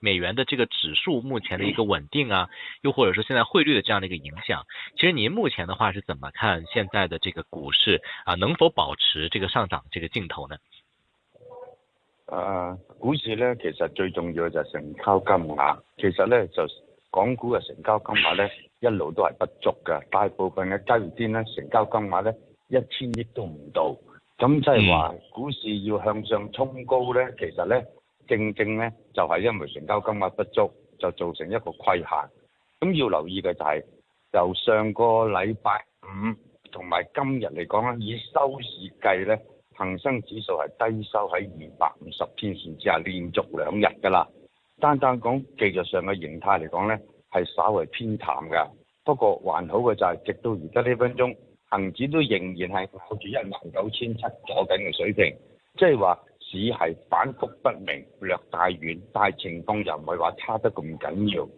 美元的這個指數目前的一個穩定啊，又或者說現在匯率的這樣的一個影響，其實您目前的話是怎麼看現在的這個股市啊，能否保持這個上漲這個勁頭呢？呃、啊，股市呢，其實最重要就係成交金額，其實呢，就港股嘅成交金額呢，一路都係不足噶，大部分嘅交易天呢，成交金額呢，一千億都唔到，咁即係話股市要向上衝高呢，其實呢。正正咧，就係、是、因為成交金額不足，就造成一個規限。咁要留意嘅就係、是，由上個禮拜五同埋今日嚟講，以收市計咧，恆生指數係低收喺二百五十天線之下連續兩日㗎啦。單單講技術上嘅形態嚟講咧，係稍微偏淡㗎。不過還好嘅就係、是，直到而家呢分鐘，恒指都仍然係咬住一萬九千七左右嘅水平，即係話。只係反覆不明，略大遠，但係情況又唔係話差得咁緊要。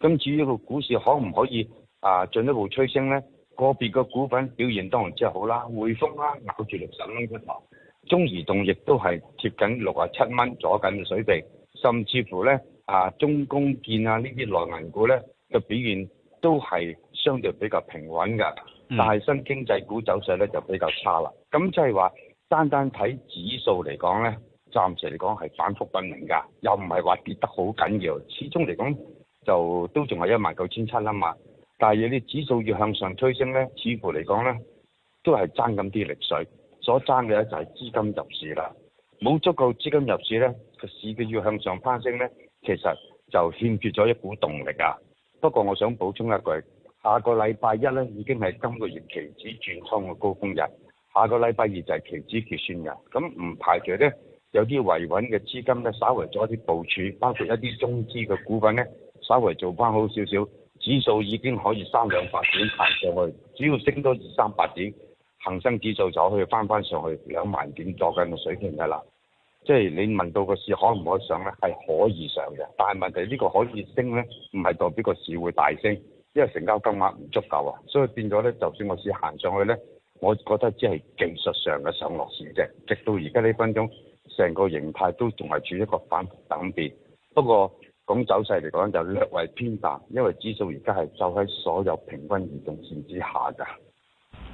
咁至於個股市可唔可以啊進一步催升咧？個別個股份表現當然即係好啦，匯豐啦、啊、咬住六十蚊出頭，中移動亦都係接近六啊七蚊左近嘅水位，甚至乎咧啊中工建啊呢啲內銀股咧嘅表現都係相對比較平穩嘅，嗯、但係新經濟股走勢咧就比較差啦。咁即係話。單單睇指數嚟講呢，暫時嚟講係反覆不明㗎，又唔係話跌得好緊要，始終嚟講就都仲係一萬九千七啊嘛。但係你指數要向上推升呢，似乎嚟講呢都係爭咁啲力水，所爭嘅就係資金入市啦。冇足夠資金入市呢，個市嘅要向上攀升呢，其實就欠缺咗一股動力啊。不過我想補充一句，下個禮拜一呢已經係今個月期指轉倉嘅高峰日。下個禮拜二就係期指結算日，咁唔排除呢有啲維穩嘅資金咧，稍微做一啲部署，包括一啲中資嘅股份咧，稍微做翻好少少，指數已經可以三兩百點行上去，只要升多二三百點，恒生指數就可以翻翻上去，上去兩萬點左右嘅水平噶啦。即係你問到個市可唔可以上呢？係可以上嘅，但係問題呢個可以升呢，唔係代表個市會大升，因為成交金額唔足夠啊，所以變咗呢，就算個市行上去呢。我覺得即係技術上嘅上落線啫，直到而家呢分鐘，成個形態都仲係處於一個反等跌，不過，講走勢嚟講就略為偏淡，因為指數而家係就喺所有平均移動線之下㗎。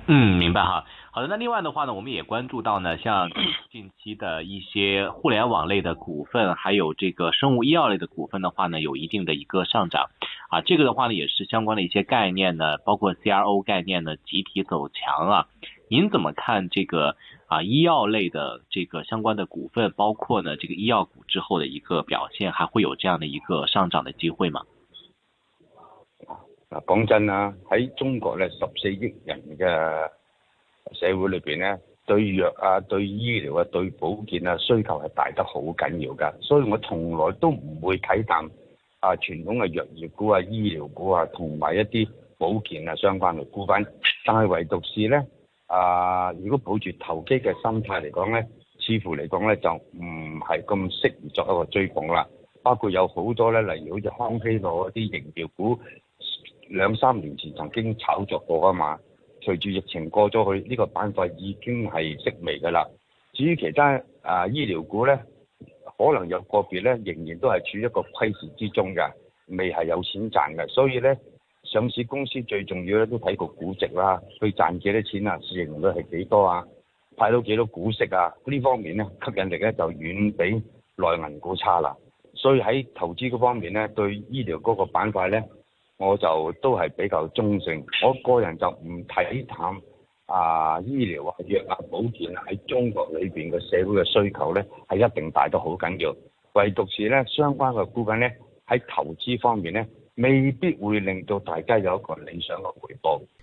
嗯，明白嚇。好的，那另外嘅話呢，我們也關注到呢，像近期的一些互聯網類嘅股份，還有這個生物醫藥類嘅股份嘅話呢，有一定的一個上漲。啊，這個的話呢，也是相關的一些概念呢，包括 CRO 概念呢，集體走強啊。您怎麼看這個啊，醫藥類的這個相關的股份，包括呢，這個醫藥股之後的一個表現，還會有這樣的一個上漲的機會嗎？啊，講真啊，喺中國呢，十四億人嘅社會裏邊呢，對藥啊、對醫療啊、對保健啊，需求係大得好緊要噶，所以我從來都唔會睇淡。啊，傳統嘅藥業股啊、醫療股啊，同埋一啲保健啊相關嘅股份，但係唯獨是咧，啊、呃，如果抱住投機嘅心態嚟講咧，似乎嚟講咧就唔係咁適宜作一個追捧啦。包括有好多咧，例如好似康希諾嗰啲疫苗股，兩三年前曾經炒作過啊嘛。隨住疫情過咗去，呢、這個板塊已經係息微㗎啦。至於其他啊、呃、醫療股咧。可能有個別咧，仍然都係處於一個虧蝕之中嘅，未係有錢賺嘅，所以咧上市公司最重要咧都睇個估值啦，佢賺幾多錢啊，市盈率係幾多啊，派到幾多股息啊，呢方面咧吸引力咧就遠比內銀股差啦，所以喺投資嗰方面咧對醫療嗰個板塊咧，我就都係比較中性，我個人就唔睇淡。啊，醫療啊、藥物保險喺中國裏邊嘅社會嘅需求呢，係一定大到好緊要。唯獨是呢相關嘅股份呢，喺投資方面呢，未必會令到大家有一個理想嘅回報。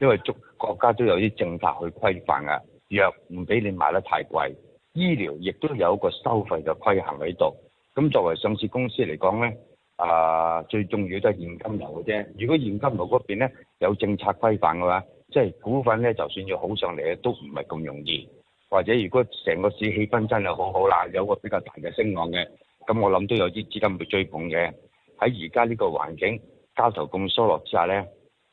因為國家都有啲政策去規範嘅，藥唔俾你賣得太貴，醫療亦都有個收費嘅規限喺度。咁作為上市公司嚟講呢，啊，最重要都係現金流嘅啫。如果現金流嗰邊呢，有政策規範嘅話，即係股份呢就算要好上嚟都唔係咁容易。或者如果成個市氣氛真係好好啦，有個比較大嘅升浪嘅，咁我諗都有啲資金去追捧嘅。喺而家呢個環境交投咁疏落之下呢。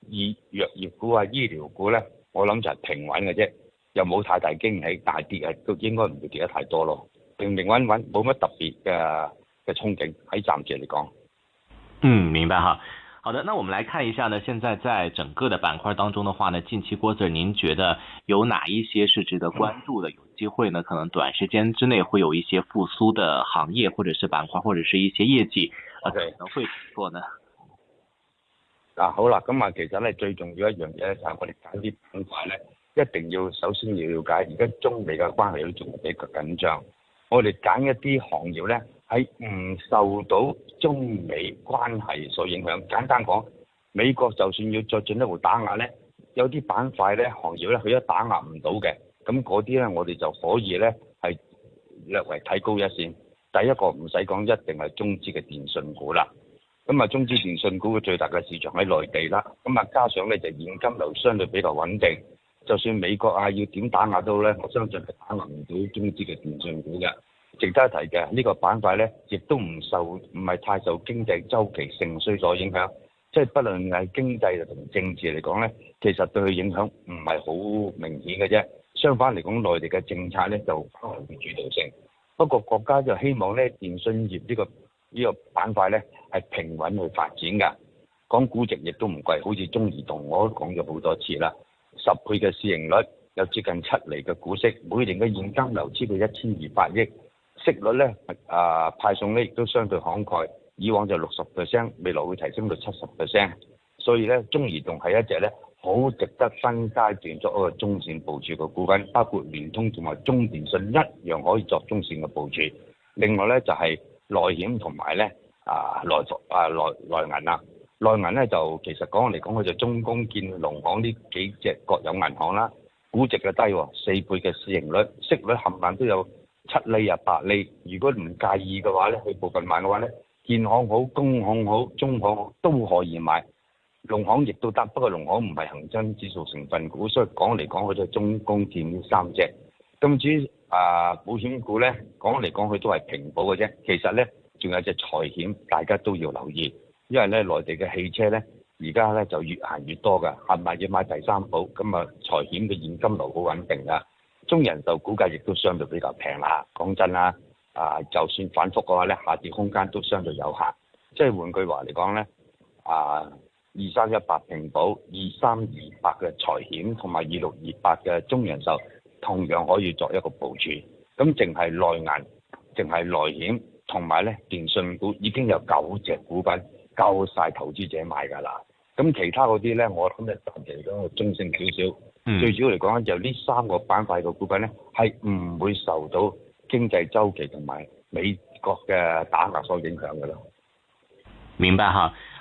以藥業股啊、醫療股呢，我諗就係平穩嘅啫，又冇太大驚喜，大跌啊都應該唔會跌得太多咯，平平穩穩，冇乜特別嘅嘅憧憬喺暫時嚟講。嗯，明白哈。好的，那我們來看一下呢，現在在整個的板塊當中的話呢，近期郭 Sir，您覺得有哪一些是值得關注的？有機會呢，可能短時間之內會有一些復甦的行業，或者是板塊，或者是一些業績啊，Okay. 可能會突破呢？嗱、啊、好啦，咁啊，其實咧最重要的一樣嘢咧就係我哋揀啲板塊咧，一定要首先要了解，而家中美嘅關係都仲比較緊張。我哋揀一啲行業咧，喺唔受到中美關係所影響。簡單講，美國就算要再進一步打壓咧，有啲板塊咧、行業咧，佢都打壓唔到嘅。咁嗰啲咧，我哋就可以咧係略為睇高一線。第一個唔使講，一定係中資嘅電信股啦。咁啊，中資電信股嘅最大嘅市場喺內地啦，咁啊，加上咧就現金流相對比較穩定，就算美國啊要點打壓都好咧，我相信係打壓唔到中資嘅電信股嘅。值得一提嘅、這個、呢個板塊咧，亦都唔受唔係太受經濟周期盛衰所影響，即、就、係、是、不論係經濟同政治嚟講咧，其實對佢影響唔係好明顯嘅啫。相反嚟講，內地嘅政策咧就反而會主導性。不過國家就希望咧電信業呢、這個。呢個板塊呢係平穩去發展㗎，講估值亦都唔貴，好似中移動我都講咗好多次啦，十倍嘅市盈率，有接近七厘嘅股息，每年嘅現金流超過一千二百億，息率呢，啊派送呢亦都相對慷慨，以往就六十個 percent，未來會提升到七十個 percent，所以呢，中移動係一隻呢好值得分階段作一個中線部署嘅股份，包括聯通同埋中電信一樣可以作中線嘅部署。另外呢，就係、是。內險同埋咧，啊內族啊內內銀啊，內銀咧就其實講嚟講去就中工建農行呢幾隻國有銀行啦，估值就低，四倍嘅市盈率，息率冚唪唥都有七厘啊八厘，如果唔介意嘅話咧，去部分買嘅話咧，建行好，工行好，中行好都可以買，農行亦都得，不過農行唔係恒生指數成分股，所以講嚟講去就中工建呢三隻。今次啊，保險股咧講嚟講去都係平保嘅啫。其實咧，仲有隻財險，大家都要留意，因為咧，內地嘅汽車咧，而家咧就越行越多噶，係咪要買第三保？咁啊，財險嘅現金流好穩定啊。中人壽股價亦都相對比較平啦。講真啦，啊，啊，就算反覆嘅話咧，下跌空間都相對有限。即係換句話嚟講咧，啊，二三一八平保，二三二八嘅財險，同埋二六二八嘅中人壽。同樣可以作一個部署，咁淨係內銀、淨係內險同埋咧電信股已經有九隻股份夠晒投資者買㗎啦。咁其他嗰啲咧，我諗就暫時都中性少少。嗯、最主要嚟講就呢三個板塊嘅股份咧，係唔會受到經濟周期同埋美國嘅打壓所影響㗎啦。明白嚇。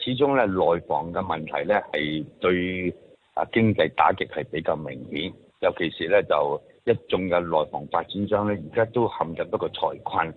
始終咧，內房嘅問題咧係對啊經濟打擊係比較明顯，尤其是咧就一眾嘅內房發展商咧，而家都陷入一個財困。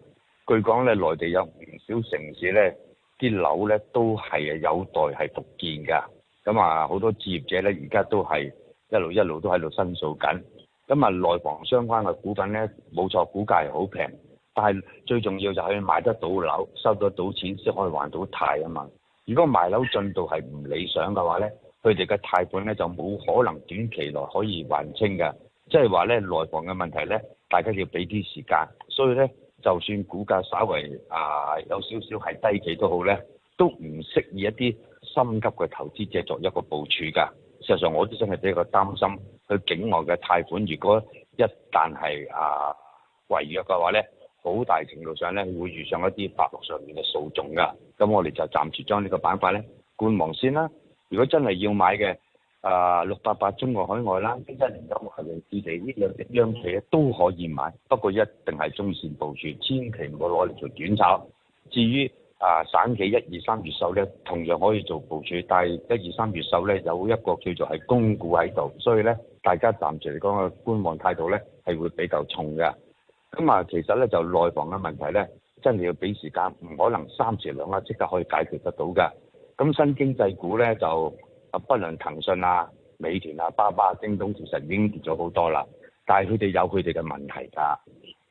據講咧，內地有唔少城市咧啲樓咧都係有待係復建㗎，咁啊好多置業者咧而家都係一路一路都喺度申訴緊。咁啊，內房相關嘅股份咧冇錯，股價係好平，但係最重要就係買得到樓，收得到錢先可以還到貸啊嘛。如果賣樓進度係唔理想嘅話呢，佢哋嘅貸款呢就冇可能短期內可以還清㗎。即係話呢，內房嘅問題呢，大家要俾啲時間。所以呢，就算股價稍微啊有少少係低企都好呢，都唔適宜一啲心急嘅投資者作一個部署㗎。事實上，我都真係比較擔心佢境外嘅貸款，如果一旦係啊違約嘅話呢。好大程度上咧，會遇上一啲法律上面嘅訴訟噶。咁我哋就暫時將呢個板塊咧觀望先啦。如果真係要買嘅，啊六八八中國海外啦，一零九系潤四地華潤置地呢兩隻央企咧都可以買，不過一定係中線部署，千祈唔好攞嚟做短炒。至於啊、呃、省企一二三越秀咧，同樣可以做部署。但係一二三越秀咧有一個叫做係公股喺度，所以咧大家暫時嚟講嘅觀望態度咧係會比較重噶。咁啊，其實咧就內房嘅問題咧，真係要俾時間，唔可能三時兩刻即刻可以解決得到㗎。咁新經濟股咧就，啊，不論騰訊啊、美團啊、巴巴啊、京東其實已經跌咗好多啦。但係佢哋有佢哋嘅問題㗎。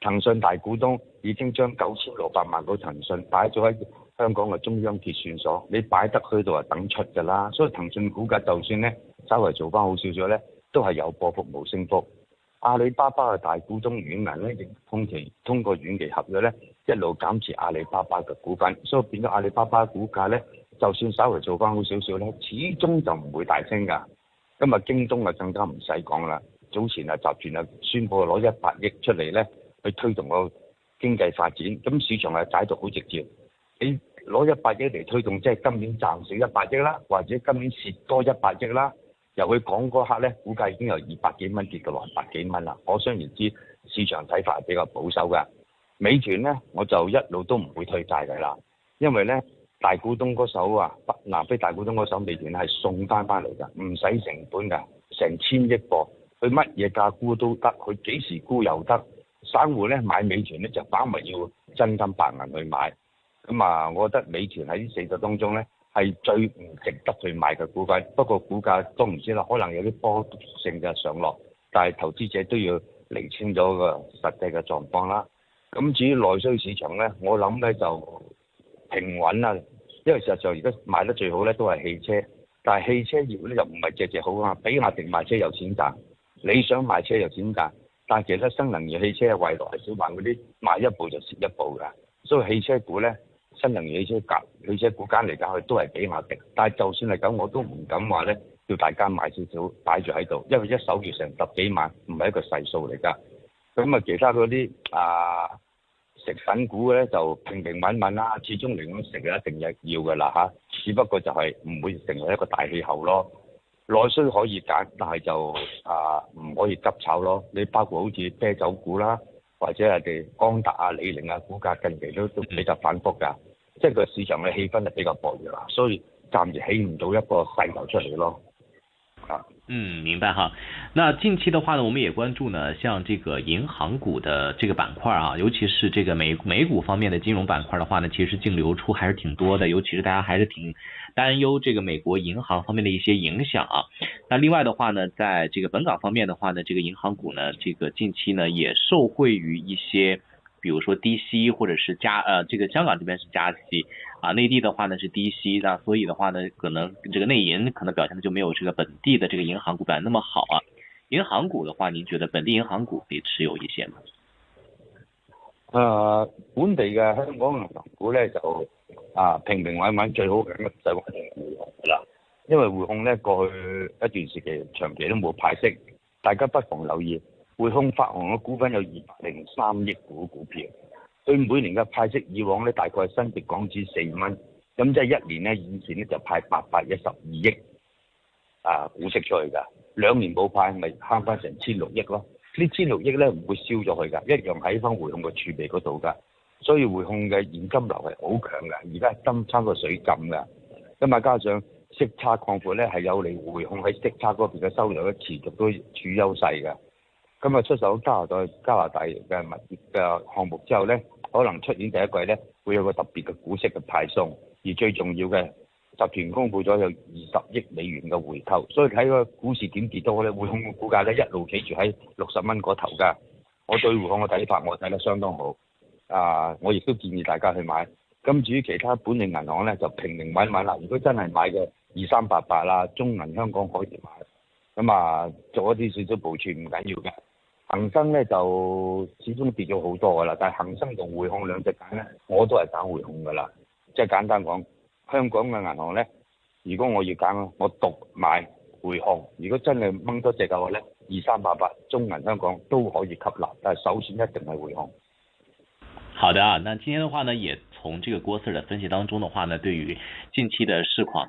騰訊大股東已經將九千六百萬股騰訊擺咗喺香港嘅中央結算所，你擺得去度啊等出㗎啦。所以騰訊股價就算咧，稍微做翻好少少咧，都係有波幅冇升幅。阿里巴巴嘅大股東軟銀咧，亦通期通過遠期合約咧，一路減持阿里巴巴嘅股份，所以變咗阿里巴巴的股價咧，就算稍微做翻好少少咧，始終就唔會大升㗎。今日京東啊，更加唔使講啦。早前啊，集團啊，宣布攞一百億出嚟咧，去推動個經濟發展。咁市場啊，解讀好直接。你攞一百億嚟推動，即係今年賺少一百億啦，或者今年蝕多一百億啦。由佢講嗰刻咧，估計已經有二百幾蚊跌到落百幾蚊啦。可想而知，市場睇法係比較保守㗎。美團咧，我就一路都唔會退債㗎啦，因為咧，大股東嗰手啊，南非大股東嗰手美團係送翻翻嚟㗎，唔使成本㗎，成千億噃，佢乜嘢價沽都得，佢幾時沽又得。散戶咧買美團咧就反埋要真金白銀去買，咁啊，我覺得美團喺呢四個當中咧。係最唔值得去買嘅股份，不過股價都唔知啦，可能有啲波動性嘅上落，但係投資者都要釐清咗個實際嘅狀況啦。咁至於內需市場呢，我諗呢就平穩啦，因為事實上而家賣得最好呢都係汽車，但係汽車業呢就唔係隻隻好啊，比亞迪賣車有錢賺，理想賣車有錢賺，但係其實新能源汽車未來係少還嗰啲賣一部就蝕一部㗎，所以汽車股呢，新能源汽車、架汽車股間嚟講，佢都係幾壓定。但係就算係咁，我都唔敢話咧，叫大家買少少，擺住喺度，因為一手要成十幾萬，唔係一個細數嚟㗎。咁、嗯、啊，其他嗰啲啊食品股咧就平平穩穩啦，始終嚟講食係一定嘢要㗎啦嚇。只不過就係唔會成為一個大氣候咯。內需可以揀，但係就啊唔可以急炒咯。你包括好似啤酒股啦，或者人哋江達啊、李寧啊，股價近期都都比較反覆㗎。嗯即係個市場嘅氣氛就比較薄弱喇，所以暫時起唔到一個勢頭出嚟咯，啊。嗯，明白哈。那近期的話呢，我們也關注呢，像這個銀行股的這個板塊啊，尤其是這個美美股方面的金融板塊的話呢，其實淨流出還是挺多的，尤其是大家還是挺擔憂這個美國銀行方面的一些影響啊。那另外的話呢，在這個本港方面的話呢，這個銀行股呢，這個近期呢，也受惠於一些。比如說低息，或者是加呃，這個香港這邊是加息啊，內地的話呢是低息，那所以的話呢，可能這個內銀可能表現的就沒有這個本地的這個銀行股板那麼好啊。銀行股的話，你覺得本地銀行股可以持有一些嗎？呃，本地嘅香港銀行股呢，就啊平平穩穩，最好嘅就係匯控啦，因為匯控呢，過去一段時期長期都冇派息，大家不妨留意。匯控發行嘅股份有二百零三億股股票，所以每年嘅派息以往咧大概係新值港紙四蚊，咁即係一年咧以前咧就派八百一十二億啊股息出去㗎，兩年冇派咪慳翻成千六億咯。這 1, 億呢千六億咧唔會燒咗去㗎，一樣喺翻匯控嘅儲備嗰度㗎，所以匯控嘅現金流係好強嘅，而家係金差個水浸㗎，咁啊加上息差擴闊咧係有利匯控喺息差嗰邊嘅收入咧持續都處優勢㗎。今日出手加拿大，加拿大嘅物業嘅項目之後咧，可能出年第一季咧會有個特別嘅股息嘅派送，而最重要嘅集團公布咗有二十億美元嘅回購，所以睇個股市點跌都好咧，匯控股價咧一路企住喺六十蚊嗰頭㗎。我對匯控嘅睇法，我睇得相當好啊！我亦都建議大家去買。咁至於其他本地銀行咧，就平平穩穩啦。如果真係買嘅二三八八啦，中銀香港可以買。咁啊，做一啲少少部署唔緊要㗎。恒生咧就始終跌咗好多噶啦，但係恒生同匯控兩隻揀咧，我都係揀匯控噶啦。即係簡單講，香港嘅銀行咧，如果我要揀，我獨買匯控。如果真係掹多隻嘅話咧，二三八八中銀香港都可以吸納，但係首選一定係匯控。好的啊，那今天的話呢，也從這個郭 Sir 嘅分析當中的話呢，對於近期的市況。